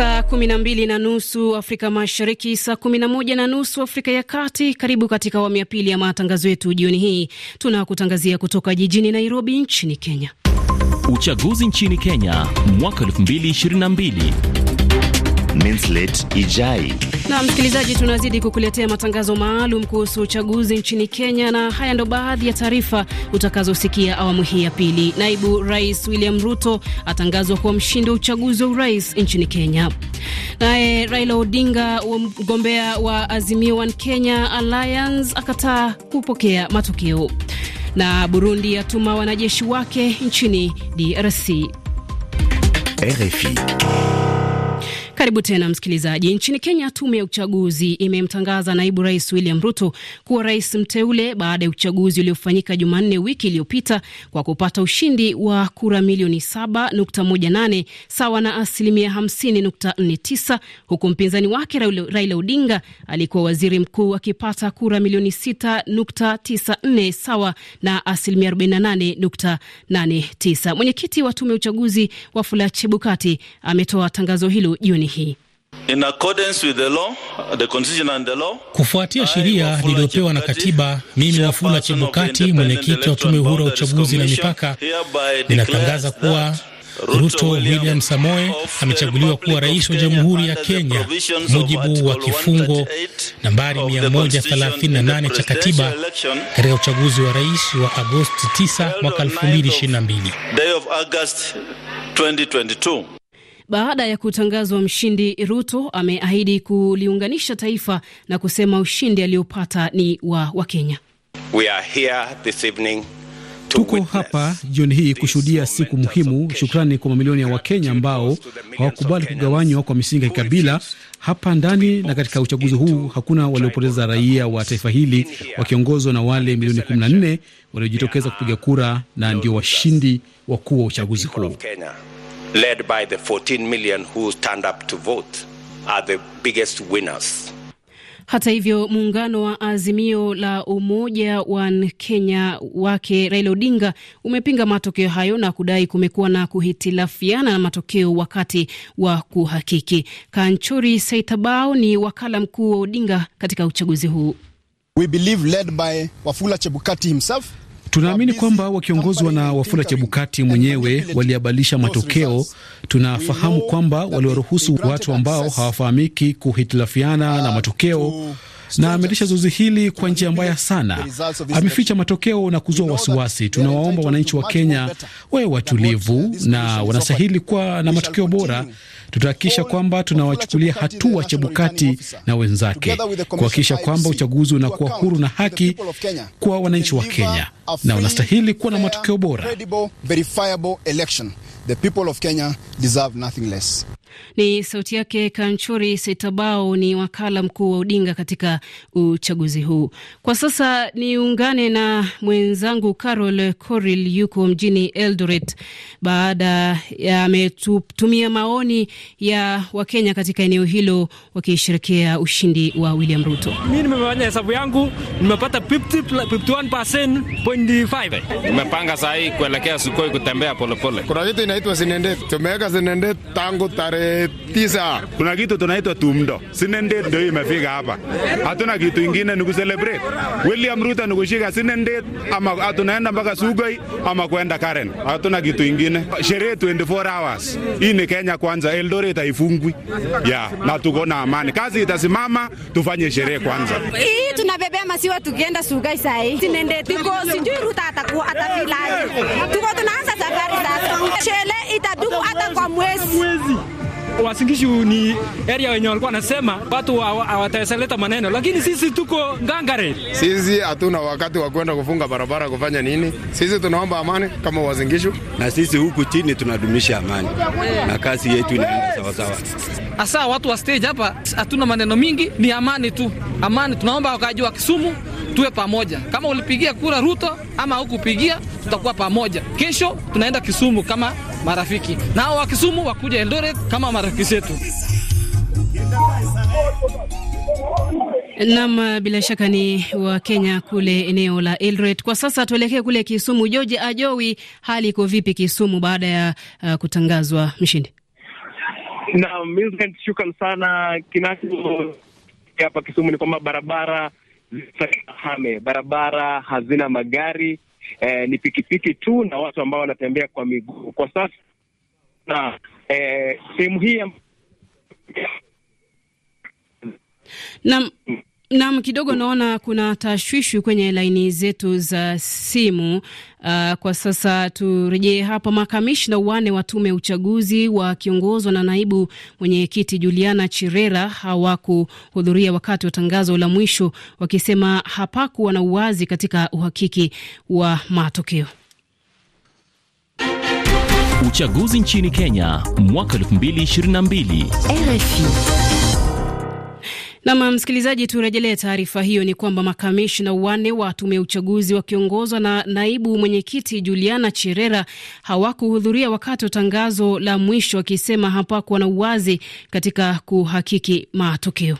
Saa kumi na mbili na nusu Afrika Mashariki, saa kumi na moja na nusu Afrika ya Kati. Karibu katika awamu ya pili ya matangazo yetu jioni hii. Tunakutangazia kutoka jijini Nairobi nchini Kenya. Uchaguzi nchini Kenya mwaka mbili Minslet Ijai. Na msikilizaji, tunazidi kukuletea matangazo maalum kuhusu uchaguzi nchini Kenya, na haya ndo baadhi ya taarifa utakazosikia awamu hii ya pili. Naibu Rais William Ruto atangazwa kuwa mshindi wa uchaguzi wa urais nchini Kenya. Naye Raila Odinga, mgombea wa Azimio One Kenya Alliance, akataa kupokea matokeo. Na Burundi yatuma wanajeshi wake nchini DRC. RFI. Karibu tena msikilizaji. Nchini Kenya, tume ya uchaguzi imemtangaza naibu rais William Ruto kuwa rais mteule baada ya uchaguzi uliofanyika Jumanne wiki iliyopita kwa kupata ushindi wa kura milioni 7.18 sawa na asilimia 50.49, huku mpinzani wake Raila Odinga alikuwa waziri mkuu akipata kura milioni 6.94 sawa na asilimia 48.89. Mwenyekiti wa tume ya uchaguzi Wafula Chebukati ametoa tangazo hilo jioni sahihi. In accordance with the law, the constitution and the law, kufuatia sheria liliyopewa na katiba, mimi Wafula Chebukati, mwenyekiti wa tume huru ya uchaguzi na mipaka, ninatangaza kuwa Ruto William Samoe amechaguliwa kuwa rais wa Jamhuri ya Kenya mujibu wa kifungo nambari 138 cha katiba katika uchaguzi wa rais wa Agosti 9 mwaka 2022. Baada ya kutangazwa mshindi, Ruto ameahidi kuliunganisha taifa na kusema ushindi aliopata ni wa Wakenya. Tuko hapa jioni hii kushuhudia siku muhimu. Shukrani kwa mamilioni ya Wakenya ambao hawakubali kugawanywa kwa misingi ya kikabila hapa ndani, na katika uchaguzi huu hakuna waliopoteza raia wa taifa hili, wakiongozwa na wale milioni 14 waliojitokeza kupiga kura na ndio washindi wakuu wa uchaguzi huu led by the 14 million who stand up to vote are the biggest winners. Hata hivyo muungano wa Azimio la Umoja wa Kenya wake Raila Odinga umepinga matokeo hayo na kudai kumekuwa na kuhitilafiana na matokeo wakati wa kuhakiki. Kanchori Saitabao ni wakala mkuu wa Odinga katika uchaguzi huu. We believe led by Wafula Chebukati himself Tunaamini kwamba wakiongozwa na Wafula Chebukati mwenyewe waliabalisha matokeo. Tunafahamu kwamba waliwaruhusu watu ambao hawafahamiki kuhitilafiana na matokeo na ameendesha zoezi hili kwa njia mbaya sana. Ameficha matokeo na kuzua wasiwasi. Tunawaomba wananchi wa Kenya wawe watulivu na wanastahili kuwa na matokeo bora. Tutahakikisha kwamba tunawachukulia hatua Chebukati na wenzake kuhakikisha kwamba uchaguzi unakuwa huru na haki kwa wananchi wa Kenya na wanastahili kuwa na matokeo bora. Ni sauti yake Kanchuri Sitabao, ni wakala mkuu wa Odinga katika uchaguzi huu. Kwa sasa niungane na mwenzangu Carol Coril, yuko mjini Eldoret, baada ya ametumia maoni ya Wakenya katika eneo hilo wakisherekea ushindi wa William Ruto. Mi nimefanya hesabu yangu, nimepata 51.5. Nimepanga saa hii kuelekea Sukoi kutembea polepole. Kuna kitu inaitwa zinendet, tumeweka zinendet tangu tarehe tisa. Kuna kitu tunaitwa tumdo, sinendet ndio imefika hapa, hatuna kitu ingine, ni kucelebrate. William Ruto ni kushika sinendet, ama tunaenda mpaka Sugoi ama kwenda Karen, hatuna kitu ingine. Sherehe 24 hours, hii ni Kenya kwanza. Eldoret haifungwi yeah, na tuko na amani. Kazi itasimama, tufanye sherehe kwanza. Hii tunabebea masiwa tukienda Sugoi sai, hii sinendet iko sijui Ruto atakuwa atafilaje, tuko tunaanza safari sasa, chele itadumu hata kwa mwezi. Wasingishu ni area wenye walikuwa wanasema watu hawataeseleta maneno, lakini sisi tuko ngangare. Sisi hatuna wakati wa kwenda kufunga barabara kufanya nini. Sisi tunaomba amani kama Wasingishu, na sisi huku chini tunadumisha amani na kazi yetu inaenda sawasawa. Hasa watu wa stage hapa hatuna maneno mingi, ni amani tu, amani. Tunaomba wakaji wa Kisumu tuwe pamoja. Kama ulipigia kura Ruto ama hukupigia, tutakuwa pamoja. Kesho tunaenda Kisumu kama marafiki, na wa Kisumu wakuja Eldoret kama marafiki zetu. Nam, bila shaka ni wa Kenya kule eneo la Eldoret. Kwa sasa tuelekee kule Kisumu. George Ajowi, hali iko vipi Kisumu baada ya uh, kutangazwa mshindi? Naam, shukran sana. Kinacho hapa Kisumu ni kwamba barabara hame, barabara hazina magari eh, ni pikipiki tu na watu ambao wanatembea kwa miguu kwa sasa, na eh, sehemu hii nam Naam, kidogo naona kuna tashwishi kwenye laini zetu za simu. Uh, kwa sasa turejee hapa. Makamishna wane wa tume ya uchaguzi wakiongozwa na naibu mwenyekiti Juliana Chirera hawakuhudhuria wakati wa tangazo la mwisho, wakisema hapakuwa na uwazi katika uhakiki wa matokeo. Uchaguzi nchini Kenya mwaka 2022 RFI Nam msikilizaji, turejelee taarifa hiyo. Ni kwamba makamishna wanne wa tume ya uchaguzi wakiongozwa na naibu mwenyekiti Juliana Cherera hawakuhudhuria wakati wa tangazo la mwisho, wakisema hapakuwa na uwazi katika kuhakiki matokeo.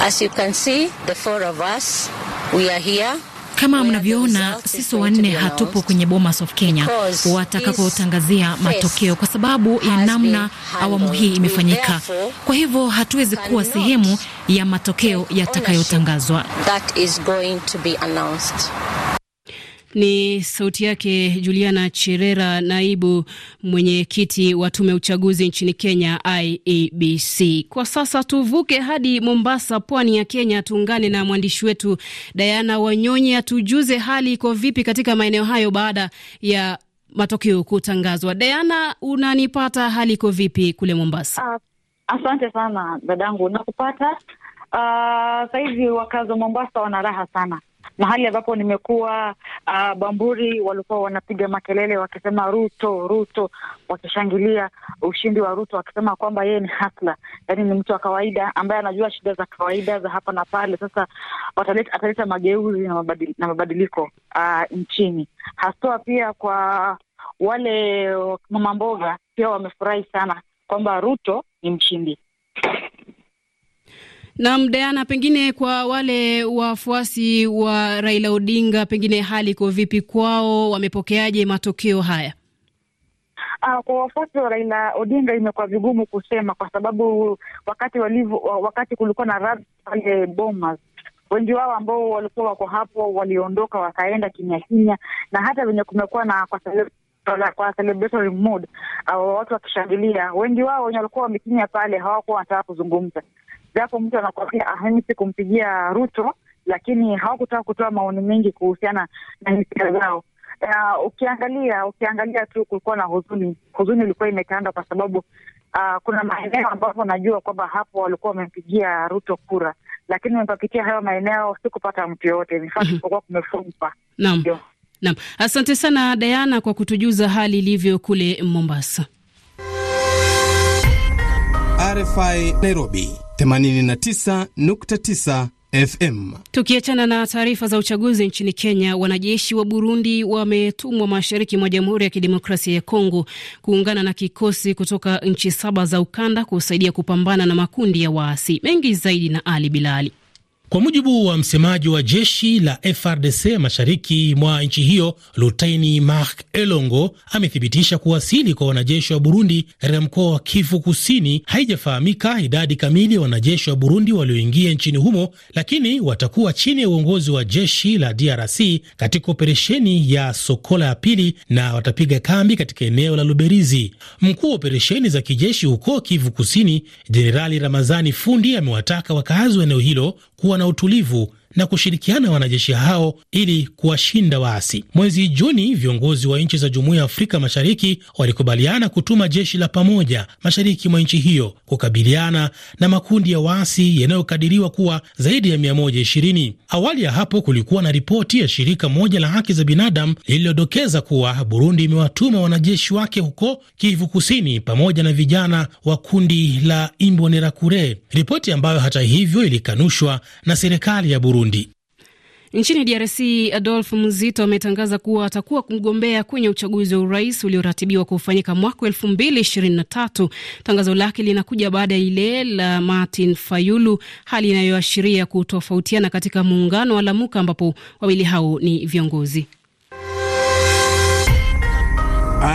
As you can see, the four of us, we are here. Kama mnavyoona, sisi wanne hatupo kwenye Bomas of Kenya watakapotangazia matokeo, kwa sababu ya namna awamu hii imefanyika. Kwa hivyo hatuwezi kuwa sehemu ya matokeo yatakayotangazwa. Ni sauti yake Juliana Cherera, naibu mwenyekiti wa tume ya uchaguzi nchini Kenya, IEBC. Kwa sasa tuvuke hadi Mombasa, pwani ya Kenya, tuungane na mwandishi wetu Diana Wanyonyi atujuze hali iko vipi katika maeneo hayo baada ya matokeo kutangazwa. Diana, unanipata? Hali iko vipi kule Mombasa? Ah, asante sana dadangu, nakupata. Uh, ah, sahizi wakazi wa Mombasa wana raha sana mahali ambapo nimekuwa uh, Bamburi walikuwa wanapiga makelele wakisema Ruto Ruto, wakishangilia ushindi wa Ruto, wakisema kwamba yeye ni hasla, yaani ni mtu wa kawaida ambaye anajua shida za kawaida za hapa na pale. Sasa ataleta mageuzi na, mabadil, na mabadiliko uh, nchini haswa pia kwa wale mama mboga pia wamefurahi sana kwamba Ruto ni mshindi nam Diana, pengine kwa wale wafuasi wa Raila Odinga, pengine hali iko vipi kwao? Wamepokeaje matokeo haya? Uh, kwa wafuasi wa Raila Odinga imekuwa vigumu kusema, kwa sababu wakati walivu, wakati kulikuwa na rad pale Bomas wengi wao ambao walikuwa wako hapo waliondoka wakaenda kimya kimya, na hata venye kumekuwa na kwa sababu swala kwa celebratory mood, au watu wakishangilia, wengi wao wenye walikuwa wamekinya pale hawakuwa wanataka kuzungumza, japo mtu anakuambia ahamisi kumpigia Ruto, lakini hawakutaka kutoa maoni mengi kuhusiana na hisia zao. Uh, ukiangalia ukiangalia tu kulikuwa na huzuni, huzuni ilikuwa imekanda kwa sababu uh, kuna maeneo ambapo najua kwamba hapo walikuwa wamempigia Ruto kura, lakini nikapitia hayo maeneo sikupata mtu yoyote, mifaa kulipokuwa mhm. kumefungwa. Naam. Nam, asante sana Diana kwa kutujuza hali ilivyo kule Mombasa. RFI Nairobi 89.9 FM. Tukiachana na taarifa za uchaguzi nchini Kenya, wanajeshi wa Burundi wametumwa mashariki mwa Jamhuri ya Kidemokrasia ya Kongo kuungana na kikosi kutoka nchi saba za ukanda kusaidia kupambana na makundi ya waasi mengi zaidi. Na Ali Bilali kwa mujibu wa msemaji wa jeshi la FRDC mashariki mwa nchi hiyo, Lutaini Mark Elongo amethibitisha kuwasili kwa wanajeshi wa Burundi katika mkoa wa Kivu Kusini. Haijafahamika idadi kamili ya wanajeshi wa Burundi walioingia nchini humo, lakini watakuwa chini ya uongozi wa jeshi la DRC katika operesheni ya Sokola ya pili na watapiga kambi katika eneo la Luberizi. Mkuu wa operesheni za kijeshi huko Kivu Kusini, Jenerali Ramazani Fundi amewataka wakaazi wa eneo hilo kuwa na utulivu na kushirikiana wanajeshi hao ili kuwashinda waasi. Mwezi Juni, viongozi wa nchi za Jumuiya ya Afrika Mashariki walikubaliana kutuma jeshi la pamoja mashariki mwa nchi hiyo kukabiliana na makundi ya waasi yanayokadiriwa kuwa zaidi ya 120. Awali ya hapo kulikuwa na ripoti ya shirika moja la haki za binadamu lililodokeza kuwa Burundi imewatuma wanajeshi wake huko Kivu Kusini pamoja na vijana wa kundi la Imbonerakure, ripoti ambayo hata hivyo ilikanushwa na serikali ya Burundi. Burundi. Nchini DRC, Adolf mzito ametangaza kuwa atakuwa mgombea kwenye uchaguzi wa urais ulioratibiwa kufanyika mwaka elfu mbili ishirini na tatu. Tangazo lake linakuja baada ya ile la Martin Fayulu, hali inayoashiria kutofautiana katika muungano wa Lamuka ambapo wawili hao ni viongozi.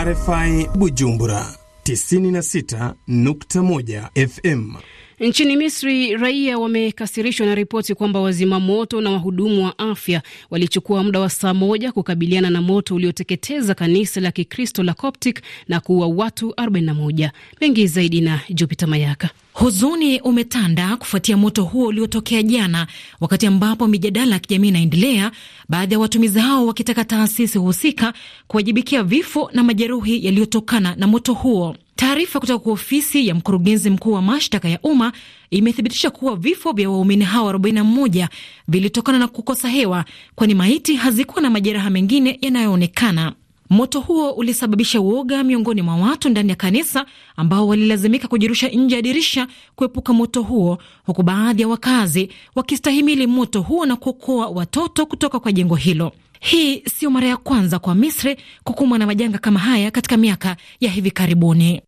RFI Bujumbura 96.1 FM Nchini Misri raia wamekasirishwa na ripoti kwamba wazima moto na wahudumu wa afya walichukua muda wa saa moja kukabiliana na moto ulioteketeza kanisa la Kikristo la Coptic na kuua watu 41. Mengi zaidi na jupita Mayaka. Huzuni umetanda kufuatia moto huo uliotokea jana, wakati ambapo mijadala ya kijamii inaendelea, baadhi ya watumizi hao wakitaka taasisi husika kuwajibikia vifo na majeruhi yaliyotokana na moto huo. Taarifa kutoka kwa ofisi ya mkurugenzi mkuu wa mashtaka ya umma imethibitisha kuwa vifo vya waumini hao 41 vilitokana na kukosa hewa, kwani maiti hazikuwa na majeraha mengine yanayoonekana. Moto huo ulisababisha uoga miongoni mwa watu ndani ya kanisa ambao walilazimika kujirusha nje ya dirisha kuepuka moto huo, huku baadhi ya wakazi wakistahimili moto huo na kuokoa watoto kutoka kwa jengo hilo. Hii sio mara ya kwanza kwa Misri kukumbwa na majanga kama haya katika miaka ya hivi karibuni.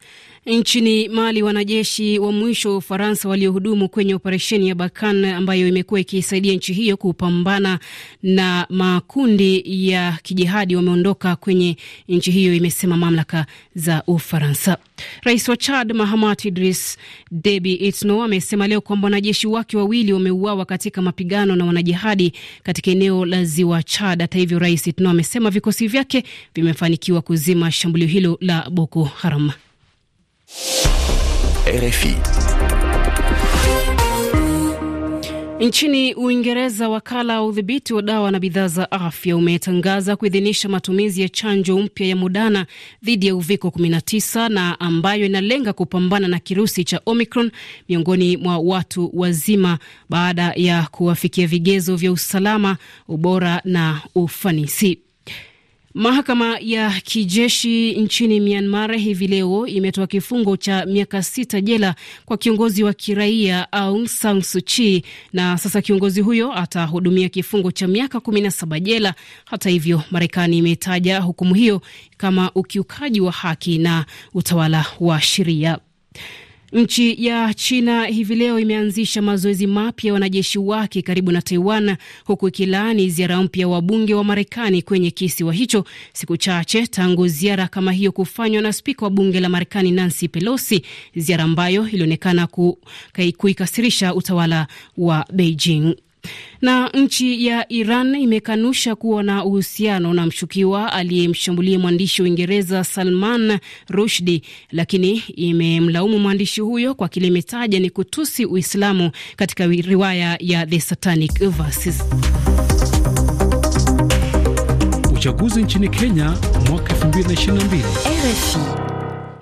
Nchini Mali, wanajeshi wa mwisho wa Ufaransa waliohudumu kwenye operesheni ya Bakan ambayo imekuwa ikiisaidia nchi hiyo kupambana na makundi ya kijihadi wameondoka kwenye nchi hiyo, imesema mamlaka za Ufaransa. Rais wa Chad Mahamat Idris debi Itno amesema leo kwamba wanajeshi wake wawili wameuawa katika mapigano na wanajihadi katika eneo la ziwa Chad. Hata hivyo, Rais Itno amesema vikosi vyake vimefanikiwa kuzima shambulio hilo la Boko Haram. RFI. Nchini Uingereza, wakala wa udhibiti wa dawa na bidhaa za afya umetangaza kuidhinisha matumizi ya chanjo mpya ya Moderna dhidi ya uviko 19 na ambayo inalenga kupambana na kirusi cha Omicron miongoni mwa watu wazima baada ya kuwafikia vigezo vya usalama, ubora na ufanisi. Mahakama ya kijeshi nchini Myanmar hivi leo imetoa kifungo cha miaka sita jela kwa kiongozi wa kiraia Aung San Suu Kyi, na sasa kiongozi huyo atahudumia kifungo cha miaka kumi na saba jela. Hata hivyo, Marekani imetaja hukumu hiyo kama ukiukaji wa haki na utawala wa sheria. Nchi ya China hivi leo imeanzisha mazoezi mapya ya wanajeshi wake karibu na Taiwan, huku ikilaani ziara mpya wa bunge wa Marekani kwenye kisiwa hicho, siku chache tangu ziara kama hiyo kufanywa na spika wa bunge la Marekani Nancy Pelosi, ziara ambayo ilionekana kuikasirisha utawala wa Beijing. Na nchi ya Iran imekanusha kuwa na uhusiano na mshukiwa aliyemshambulia mwandishi wa Uingereza Salman rushdi lakini imemlaumu mwandishi huyo kwa kile imetaja ni kutusi Uislamu katika riwaya ya The Satanic Verses. Uchaguzi nchini Kenya mwaka 2022.